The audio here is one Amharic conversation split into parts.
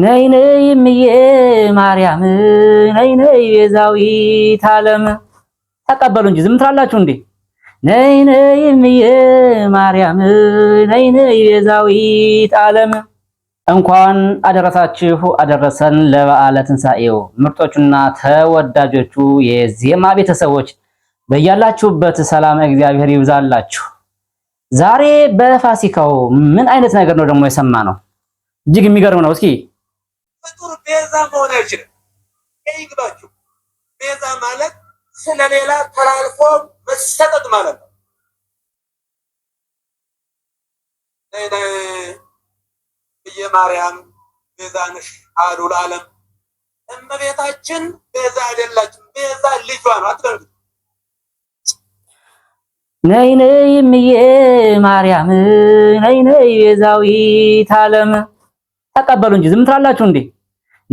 ነይ ነይ እምዬ ማርያም ነይ ነይ ቤዛዊት ዓለም ተቀበሉ እንጂ ዝም ትላላችሁ እንዴ? ነይ ነይ እምዬ ማርያም ነይ ነይ ቤዛዊት ዓለም እንኳን አደረሳችሁ አደረሰን ለበዓለ ትንሣኤው። ምርጦቹና ተወዳጆቹ የዜማ ቤተሰቦች በያላችሁበት ሰላም እግዚአብሔር ይብዛላችሁ። ዛሬ በፋሲካው ምን አይነት ነገር ነው ደግሞ የሰማ ነው? እጅግ የሚገርም ነው። እስኪ ፍጡር ቤዛ መሆን አይችልም። ይግባችሁ። ቤዛ ማለት ስለሌላ ተላልፎ መሰጠት ማለት ነው። እየማርያም ቤዛ ነሽ አሉ ለዓለም። እመቤታችን ቤዛ አይደላችን፣ ቤዛ ልጇ ነው። አትደንግጡ። ነይ ነይ እምዬ ማርያም ነይ ነይ ቤዛዊት ዓለም ተቀበሉ እንጂ ዝም ትላላችሁ እንዴ?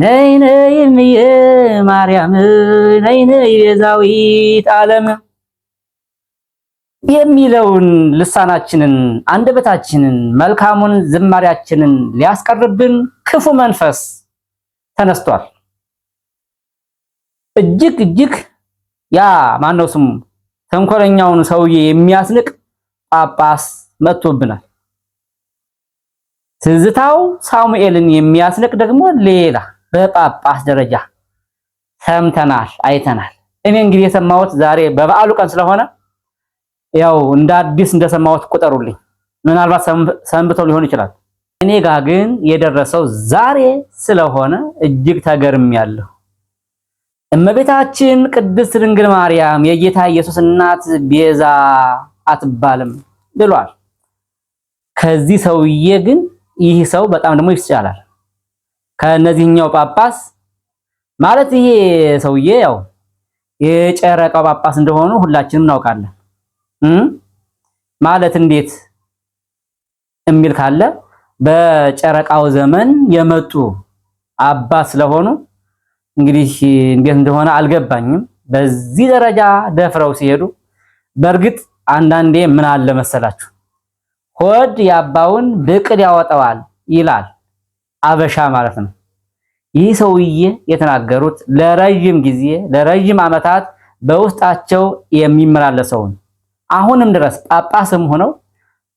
ነይ ነይ ምየ ማርያም ነይ ነይ ቤዛዊት ዓለም የሚለውን ልሳናችንን አንደበታችንን መልካሙን ዝማሪያችንን ሊያስቀርብን ክፉ መንፈስ ተነስቷል። እጅግ እጅግ ያ ማነው ስሙ ተንኮለኛውን ሰውዬ የሚያስንቅ ጳጳስ መጥቶብናል። ትዝታው ሳሙኤልን የሚያስንቅ ደግሞ ሌላ በጳጳስ ደረጃ ሰምተናል፣ አይተናል። እኔ እንግዲህ የሰማሁት ዛሬ በበዓሉ ቀን ስለሆነ ያው እንደ አዲስ እንደሰማሁት ቁጠሩልኝ። ምናልባት ሰንብተው ሊሆን ይችላል። እኔ ጋር ግን የደረሰው ዛሬ ስለሆነ እጅግ ተገርሚያለሁ። እመቤታችን ቅድስት ድንግል ማርያም የጌታ ኢየሱስ እናት ቤዛ አትባልም ብሏል። ከዚህ ሰውዬ ግን ይህ ሰው በጣም ደግሞ ይስጫላል ከነዚህኛው ጳጳስ ማለት ይሄ ሰውዬ ያው የጨረቃው ጳጳስ እንደሆኑ ሁላችንም እናውቃለን። ማለት እንዴት የሚል ካለ በጨረቃው ዘመን የመጡ አባ ስለሆኑ እንግዲህ እንዴት እንደሆነ አልገባኝም። በዚህ ደረጃ ደፍረው ሲሄዱ በእርግጥ አንዳንዴ ምን አለ መሰላችሁ ሆድ ያባውን ብቅል ያወጣዋል ይላል አበሻ ማለት ነው። ይህ ሰውዬ የተናገሩት ለረጅም ጊዜ ለረጅም ዓመታት በውስጣቸው የሚመላለሰውን አሁንም ድረስ ጳጳስም ሆነው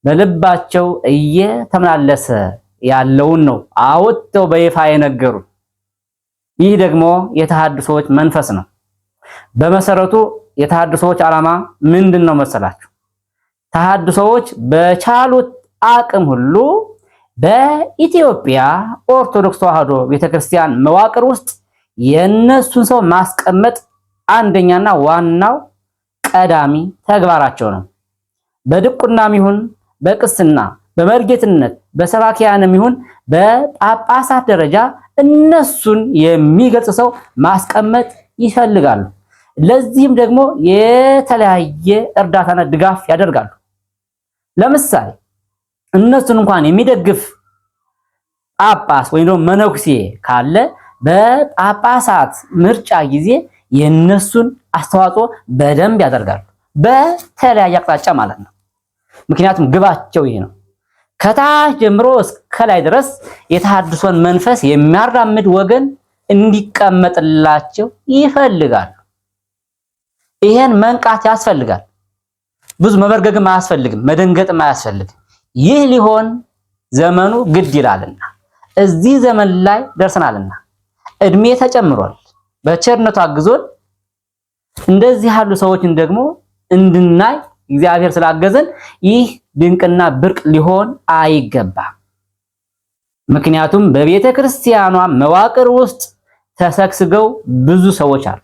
በልባቸው እየተመላለሰ ያለውን ነው አውጥተው በይፋ የነገሩ። ይህ ደግሞ የተሐድሶዎች መንፈስ ነው። በመሰረቱ የተሐድሶዎች ዓላማ ምንድን ነው መሰላችሁ? ተሐድሶዎች በቻሉት አቅም ሁሉ በኢትዮጵያ ኦርቶዶክስ ተዋህዶ ቤተክርስቲያን መዋቅር ውስጥ የእነሱን ሰው ማስቀመጥ አንደኛና ዋናው ቀዳሚ ተግባራቸው ነው። በድቁናም ይሁን በቅስና፣ በመርጌትነት፣ በሰባኪያንም ይሁን በጳጳሳት ደረጃ እነሱን የሚገልጽ ሰው ማስቀመጥ ይፈልጋሉ። ለዚህም ደግሞ የተለያየ እርዳታና ድጋፍ ያደርጋሉ። ለምሳሌ እነሱን እንኳን የሚደግፍ ጳጳስ ወይም ደግሞ መነኩሴ ካለ በጳጳሳት ምርጫ ጊዜ የእነሱን አስተዋጽኦ በደንብ ያደርጋሉ። በተለያየ አቅጣጫ ማለት ነው። ምክንያቱም ግባቸው ይሄ ነው። ከታች ጀምሮ እስከ ላይ ድረስ የተሐድሶን መንፈስ የሚያራምድ ወገን እንዲቀመጥላቸው ይፈልጋሉ። ይሄን መንቃት ያስፈልጋል። ብዙ መበርገግም አያስፈልግም፣ መደንገጥም አያስፈልግም። ይህ ሊሆን ዘመኑ ግድ ይላልና እዚህ ዘመን ላይ ደርሰናልና እድሜ ተጨምሯል። በቸርነቱ አግዞን እንደዚህ ያሉ ሰዎችን ደግሞ እንድናይ እግዚአብሔር ስላገዘን ይህ ድንቅና ብርቅ ሊሆን አይገባም። ምክንያቱም በቤተ ክርስቲያኗ መዋቅር ውስጥ ተሰግስገው ብዙ ሰዎች አሉ፣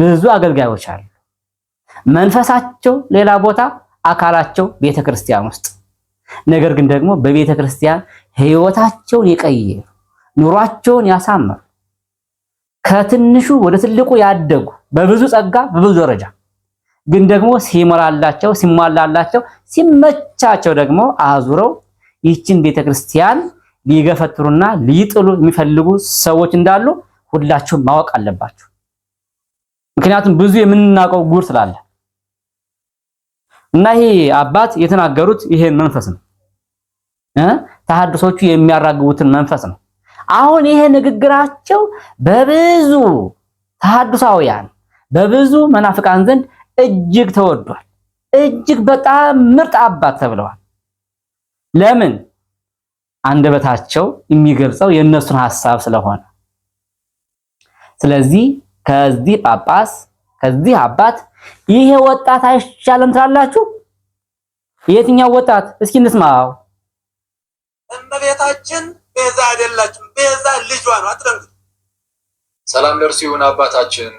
ብዙ አገልጋዮች አሉ። መንፈሳቸው ሌላ ቦታ፣ አካላቸው ቤተክርስቲያን ውስጥ ነገር ግን ደግሞ በቤተክርስቲያን ህይወታቸውን የቀየሩ ኑሯቸውን ያሳመሩ ከትንሹ ወደ ትልቁ ያደጉ በብዙ ጸጋ በብዙ ደረጃ ግን ደግሞ ሲሞላላቸው ሲሟላላቸው ሲመቻቸው ደግሞ አዙረው ይህችን ቤተክርስቲያን ሊገፈትሩና ሊጥሉ የሚፈልጉ ሰዎች እንዳሉ ሁላችሁም ማወቅ አለባችሁ። ምክንያቱም ብዙ የምናውቀው ጉር ስላለ እና ይሄ አባት የተናገሩት ይሄ መንፈስ ነው እ ተሐድሶቹ የሚያራግቡትን መንፈስ ነው። አሁን ይሄ ንግግራቸው በብዙ ተሐድሳውያን በብዙ መናፍቃን ዘንድ እጅግ ተወዷል። እጅግ በጣም ምርጥ አባት ተብለዋል። ለምን? አንደበታቸው የሚገልጸው የእነሱን ሐሳብ ስለሆነ። ስለዚህ ከዚህ ጳጳስ ከዚህ አባት ይሄ ወጣት አይሻልም ትላላችሁ? የትኛው ወጣት? እስኪ እንስማው። እመቤታችን ቤዛ አይደላችሁም፣ ቤዛ ልጇ ነው። አትደንግጡ። ሰላም ለእርሱ ይሁን አባታችን።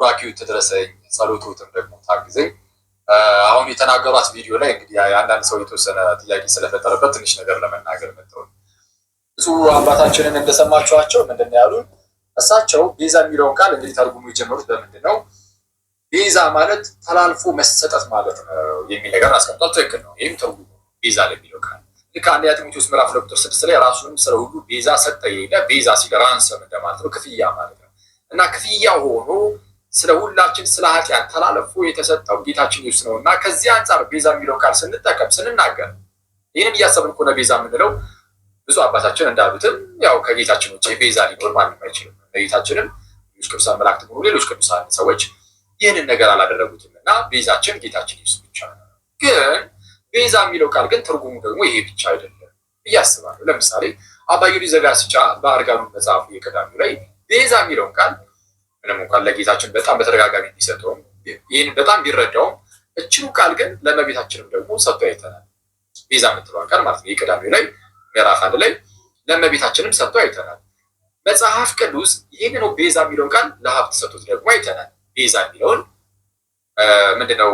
ቡራኪው ትድረሰኝ፣ ጸሎቱትም ደግሞ ታግዘኝ። አሁን የተናገሯት ቪዲዮ ላይ እንግዲህ አንዳንድ ሰው የተወሰነ ጥያቄ ስለፈጠረበት ትንሽ ነገር ለመናገር መጥተው ብዙ አባታችንን እንደሰማችኋቸው ምንድን ነው ያሉት? እሳቸው ቤዛ የሚለውን ቃል እንግዲህ ተርጉሙ የጀመሩት በምንድን ነው ቪዛ ማለት ተላልፎ መሰጠት ማለት ነው የሚል ነገር አስቀምጧል። ትክክል ነው። ይህም ተው ቪዛ ለሚለው ቃል ልክ አንደኛ ጢሞቴዎስ ምዕራፍ ሁለት ቁጥር ስድስት ላይ ራሱንም ስለ ሁሉ ቤዛ ሰጠ ይለ ቤዛ ሲል ራንሰም እንደማለት ነው፣ ክፍያ ማለት ነው እና ክፍያ ሆኖ ስለ ሁላችን ስለ ኃጢአት ተላልፎ የተሰጠው ጌታችን ኢየሱስ ነው እና ከዚህ አንጻር ቤዛ የሚለው ቃል ስንጠቀም ስንናገር ይህንን እያሰብን ከሆነ ቤዛ የምንለው ብዙ አባታችን እንዳሉትም ያው ከጌታችን ውጭ ቤዛ ሊኖር ማንም አይችልም። ጌታችንም ቅዱሳን መላእክት ሆኑ ሌሎች ቅዱሳን ሰዎች ይህንን ነገር አላደረጉትም እና ቤዛችን ጌታችን ኢየሱስ ብቻ ነው። ግን ቤዛ የሚለው ቃል ግን ትርጉሙ ደግሞ ይሄ ብቻ አይደለም ብዬ አስባለሁ። ለምሳሌ አባ ጊዮርጊስ ዘጋስጫ በአርጋኑ መጽሐፉ የቀዳሚው ላይ ቤዛ የሚለውን ቃል ምንም እንኳን ለጌታችን በጣም በተደጋጋሚ ቢሰጠውም ይህን በጣም ቢረዳውም እችሉ ቃል ግን ለመቤታችንም ደግሞ ሰጥቶ አይተናል። ቤዛ የምትለዋን ቃል ማለት ነው። የቀዳሚው ላይ ምዕራፍ አንድ ላይ ለመቤታችንም ሰጥቶ አይተናል። መጽሐፍ ቅዱስ ይህንኑ ቤዛ የሚለውን ቃል ለሀብት ሰጡት ደግሞ አይተናል። ቤዛ የሚለውን ምንድነው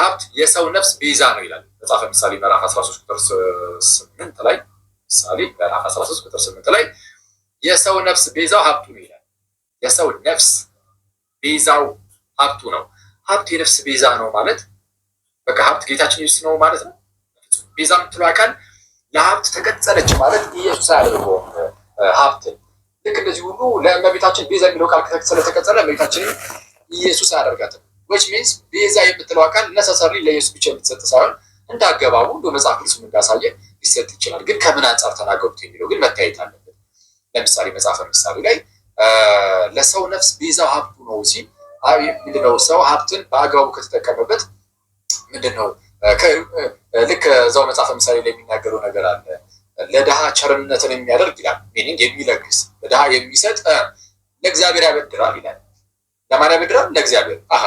ሀብት የሰው ነፍስ ቤዛ ነው ይላል መጽሐፈ ምሳሌ ምዕራፍ 13 ቁጥር 8 ላይ ምሳሌ ምዕራፍ 13 ቁጥር 8 ላይ የሰው ነፍስ ቤዛው ሀብቱ ነው ይላል። የሰው ነፍስ ቤዛው ሀብቱ ነው። ሀብት የነፍስ ቤዛ ነው ማለት በቃ ሀብት ጌታችን ኢየሱስ ነው ማለት ነው። ቤዛ የምትለው አካል ለሀብት ተቀጸለች ማለት ኢየሱስ አያደርገውም ሀብትን ልክ እንደዚህ ሁሉ ለእመቤታችን ቤዛ የሚለው ቃል ከተቀጸለ ተቀጸለ እመቤታችንም ኢየሱስ አደርጋትም ዊች ሚንስ ቤዛ የምትለው አካል ነሰሰሪ ለኢየሱስ ብቻ የምትሰጥ ሳይሆን እንደ እንደ መጽሐፍ ቅዱስ እንዳሳየ ሊሰጥ ይችላል። ግን ከምን አንጻር ተናገሩት የሚለው ግን መታየት አለበት። ለምሳሌ መጽሐፈ ምሳሌ ላይ ለሰው ነፍስ ቤዛው ሀብቱ ነው ሲል ምንድነው ሰው ሀብትን በአግባቡ ከተጠቀመበት ምንድነው ልክ እዛው መጽሐፈ ምሳሌ ላይ የሚናገረው ነገር አለ። ለድሃ ቸርነትን የሚያደርግ ይላል፣ ሚኒንግ የሚለግስ ለድሃ የሚሰጥ ለእግዚአብሔር ያበድራል ይላል። ለማን ያበድራል? ለእግዚአብሔር። አሀ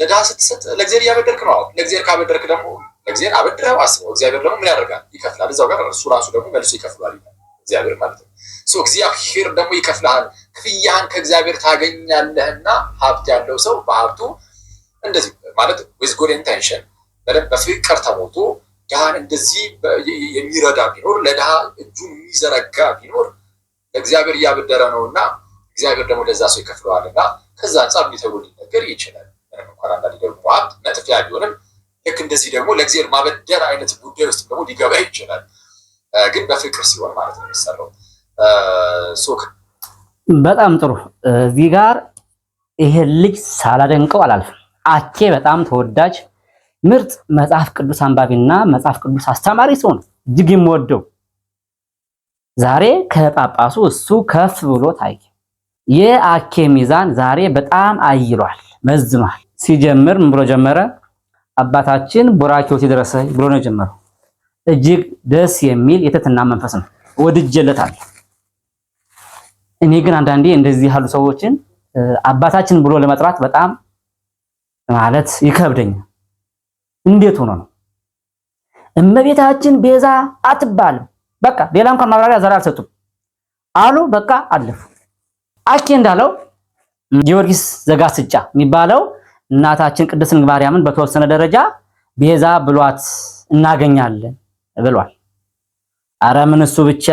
ለድሃ ስትሰጥ ለእግዚአብሔር እያበደርክ ነው። ለእግዚአብሔር ካበደርክ ደግሞ ለእግዚአብሔር አበድረህ አስበው። እግዚአብሔር ደግሞ ምን ያደርጋል? ይከፍላል። እዛው ጋር እሱ ራሱ ደግሞ መልሶ ይከፍላል እግዚአብሔር ማለት ነው። እግዚአብሔር ደግሞ ይከፍልሃል፣ ክፍያህን ከእግዚአብሔር ታገኛለህና ሀብት ያለው ሰው በሀብቱ እንደዚህ ማለት ዊዝ ጉድ ኢንቴንሽን በፍቅር ተሞቶ ድሃን እንደዚህ የሚረዳ ቢኖር ለድሃ እጁን የሚዘረጋ ቢኖር ለእግዚአብሔር እያበደረ ነው እና እግዚአብሔር ደግሞ ለዛ ሰው ይከፍለዋል እና ከዛ አንጻር እንዲተብሎ ሊነገር ይችላል። ምንም እንኳን አንዳንድ ደግሞ ሀብት መጥፊያ ቢሆንም ልክ እንደዚህ ደግሞ ለእግዚአብሔር ማበደር አይነት ጉዳይ ውስጥ ደግሞ ሊገባ ይችላል። ግን በፍቅር ሲሆን ማለት ነው የሚሰራው። ሱክ በጣም ጥሩ። እዚህ ጋር ይሄን ልጅ ሳላደንቀው አላልፍም። አኬ በጣም ተወዳጅ ምርጥ መጽሐፍ ቅዱስ አንባቢና መጽሐፍ ቅዱስ አስተማሪ ሰው ነው። እጅግ የምወደው ዛሬ ከጳጳሱ እሱ ከፍ ብሎ ታየ። የአኬ ሚዛን ዛሬ በጣም አይሏል፣ መዝኗል። ሲጀምር ምን ብሎ ጀመረ? አባታችን ቡራኬው ሲደረሰ ብሎ ነው ጀመረ። እጅግ ደስ የሚል የትህትና መንፈስ ነው፣ ወድጀለታል። እኔ ግን አንዳንዴ እንደዚህ ያሉ ሰዎችን አባታችን ብሎ ለመጥራት በጣም ማለት ይከብደኛል። እንዴት ሆኖ ነው? እመቤታችን ቤዛ አትባልም። በቃ ሌላ እንኳን ማብራሪያ ዛሬ አልሰጡም አሉ። በቃ አለፉ። አኬ እንዳለው ጊዮርጊስ ዘጋስጫ የሚባለው እናታችን ቅድስት ድንግል ማርያምን በተወሰነ ደረጃ ቤዛ ብሏት እናገኛለን ብሏል። አረ ምን እሱ ብቻ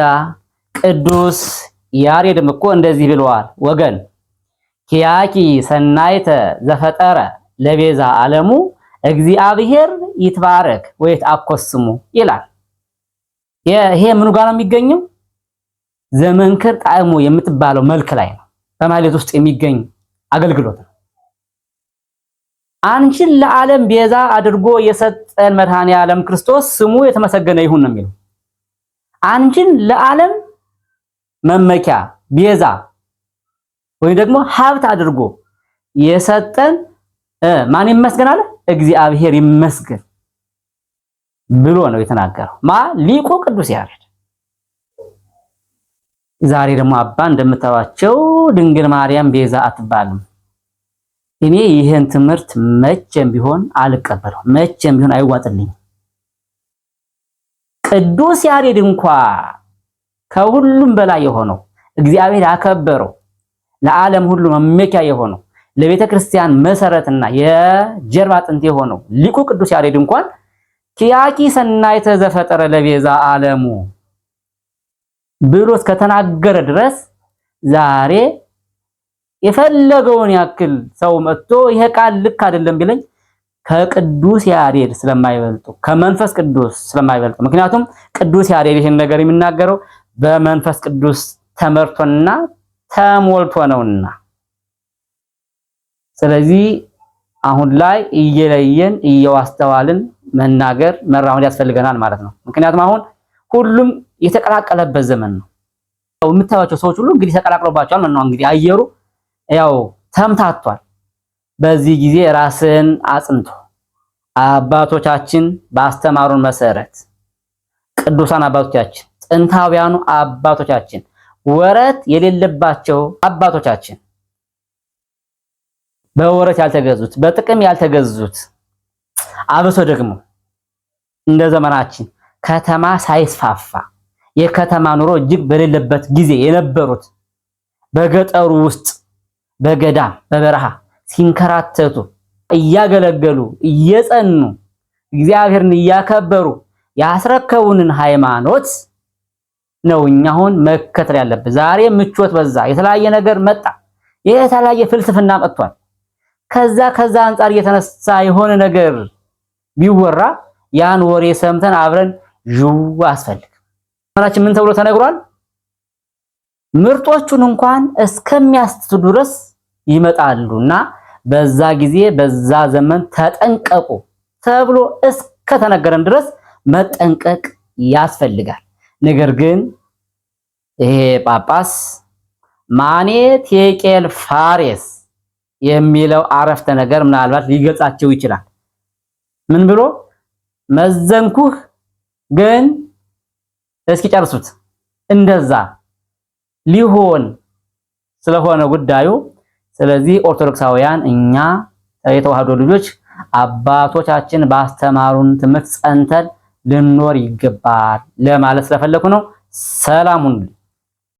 ቅዱስ ያሬድም እኮ እንደዚህ ብለዋል። ወገን ኪያኪ ሰናይተ ዘፈጠረ ለቤዛ ዓለሙ እግዚአብሔር ይትባረክ ወይት አኮስሙ ይላል። ይሄ ምኑ ጋር ነው የሚገኘው? ዘመንክር ጣዕሙ የምትባለው መልክ ላይ ነው። በማህሌት ውስጥ የሚገኝ አገልግሎት ነው። አንቺን ለዓለም ቤዛ አድርጎ የሰጠን መድኃኔ ዓለም ክርስቶስ ስሙ የተመሰገነ ይሁን ነው የሚለው። አንቺን ለዓለም መመኪያ ቤዛ ወይም ደግሞ ሀብት አድርጎ የሰጠን ማን ይመስገን አለ? እግዚአብሔር ይመስገን ብሎ ነው የተናገረው። ማ ሊቁ ቅዱስ ያሬድ ዛሬ ደግሞ አባ እንደምታዋቸው ድንግል ማርያም ቤዛ አትባልም። እኔ ይህን ትምህርት መቼም ቢሆን አልቀበለው፣ መቼም ቢሆን አይዋጥልኝ። ቅዱስ ያሬድ እንኳ ከሁሉም በላይ የሆነው እግዚአብሔር ያከበረው ለዓለም ሁሉ መመኪያ የሆነው ለቤተ ክርስቲያን መሰረትና የጀርባ አጥንት የሆነው ሊቁ ቅዱስ ያሬድ እንኳን ኪያኪ ሰናይ ተዘፈጠረ ለቤዛ ዓለሙ ብሎ እስከተናገረ ድረስ ዛሬ የፈለገውን ያክል ሰው መጥቶ ይሄ ቃል ልክ አይደለም ቢለኝ ከቅዱስ ያሬድ ስለማይበልጡ ከመንፈስ ቅዱስ ስለማይበልጡ፣ ምክንያቱም ቅዱስ ያሬድ ይሄን ነገር የሚናገረው በመንፈስ ቅዱስ ተመርቶና ተሞልቶ ነውና። ስለዚህ አሁን ላይ እየለየን እየዋስተዋልን መናገር መራመድ ያስፈልገናል ማለት ነው። ምክንያቱም አሁን ሁሉም የተቀላቀለበት ዘመን ነው። ያው የምታዩቸው ሰዎች ሁሉ እንግዲህ ተቀላቅሎባቸዋል ማለት ነው። እንግዲህ አየሩ ያው ተምታቷል። በዚህ ጊዜ ራስን አጽንቶ አባቶቻችን ባስተማሩን መሰረት ቅዱሳን አባቶቻችን ጥንታውያኑ አባቶቻችን ወረት የሌለባቸው አባቶቻችን በወረት ያልተገዙት በጥቅም ያልተገዙት አብሶ ደግሞ እንደ ዘመናችን ከተማ ሳይስፋፋ የከተማ ኑሮ እጅግ በሌለበት ጊዜ የነበሩት በገጠሩ ውስጥ በገዳም በበረሃ ሲንከራተቱ እያገለገሉ እየጸኑ እግዚአብሔርን እያከበሩ ያስረከቡንን ሃይማኖት ነው እኛ አሁን መከተል ያለብን። ዛሬ ምቾት በዛ፣ የተለያየ ነገር መጣ፣ ይሄ የተለያየ ፍልስፍና መጥቷል። ከዛ ከዛ አንጻር እየተነሳ የሆነ ነገር ቢወራ ያን ወሬ ሰምተን አብረን ዥው አስፈልግ መናችን ምን ተብሎ ተነግሯል? ምርጦቹን እንኳን እስከሚያስትቱ ድረስ ይመጣሉና በዛ ጊዜ በዛ ዘመን ተጠንቀቁ ተብሎ እስከተነገረን ድረስ መጠንቀቅ ያስፈልጋል። ነገር ግን ይሄ ጳጳስ ማኔ ቴቄል ፋሬስ የሚለው አረፍተ ነገር ምናልባት ሊገጻቸው ይችላል። ምን ብሎ መዘንኩህ ግን እስኪ ጨርሱት። እንደዛ ሊሆን ስለሆነ ጉዳዩ። ስለዚህ ኦርቶዶክሳውያን እኛ የተዋህዶ ልጆች አባቶቻችን ባስተማሩን ትምህርት ጸንተን ልንኖር ይገባል ለማለት ስለፈለኩ ነው። ሰላሙን